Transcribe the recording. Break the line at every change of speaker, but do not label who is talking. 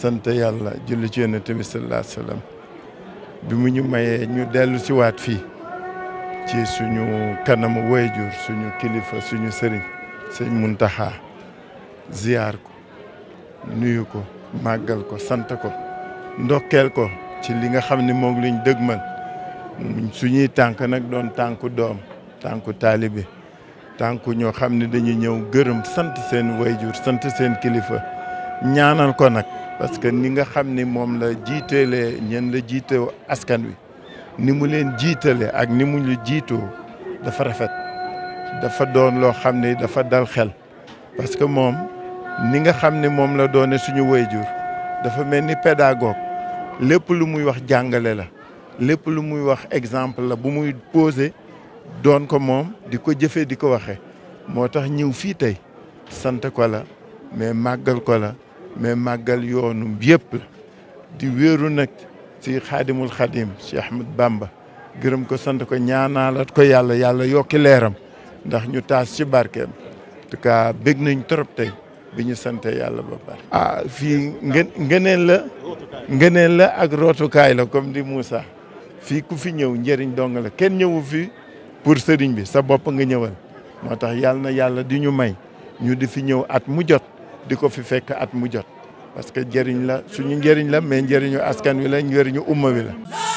sant yàlla julli ci yonent bi sallallahu alayhi bi mu ñu mayee ñu dellu si waat fii ci suñu kanamu wayjur suñu kilifa suñu sëriñ sëñ Muntaxa ziyaar ko nuyu ko màggal ko sant ko ndokkeel ko ci li nga xam ni moom lañ dëgmal suñuy tànk nag doon tànku doom tànku taalibe tànku ñoo xam ne dañuy ñëw gërëm sant seen wayjur sant seen kilifa ñaanal ko nag parce que ni nga xam ni moom la jiitelee ñeen la jiitoo askan wi ni mu leen jiitale ak ni mu ñu jiitoo dafa rafet dafa doon loo xam ni dafa dal xel parce que moom ni nga xam ni moom la doone suñu wayjur dafa mel ni pedagoog lépp lu muy wax jàngale la lépp lu muy wax exemple la bu muy posé doon ko moom di ko jëfee di ko waxe moo tax ñëw fii tey sant ko la mais màggal ko la mais màggal yoonu yëpp di wéeru nag si xaadimul xadim Cheikh Ahmed Bamba gërëm ko sant ko ñaanaalat ko yàlla yàlla yokki leeram ndax ñu taas ci barkeem en tout cas bég nañ trop tey bi ñu sante yàlla ba pare. ah fii ngeen la ngëneel la ak rootukaay la comme di Moussa fii ku fi ñëw njëriñ dong kenn ñëwu fi pour sëriñ bi sa bopp nga ñëwal moo tax yàlla na yàlla di ñu may ñu di fi ñëw at mu jot. di ko fi fekk at mu jot parce que jëriñ la suñu njëriñ la mais njëriñu askan wi la njëriñu umma wi la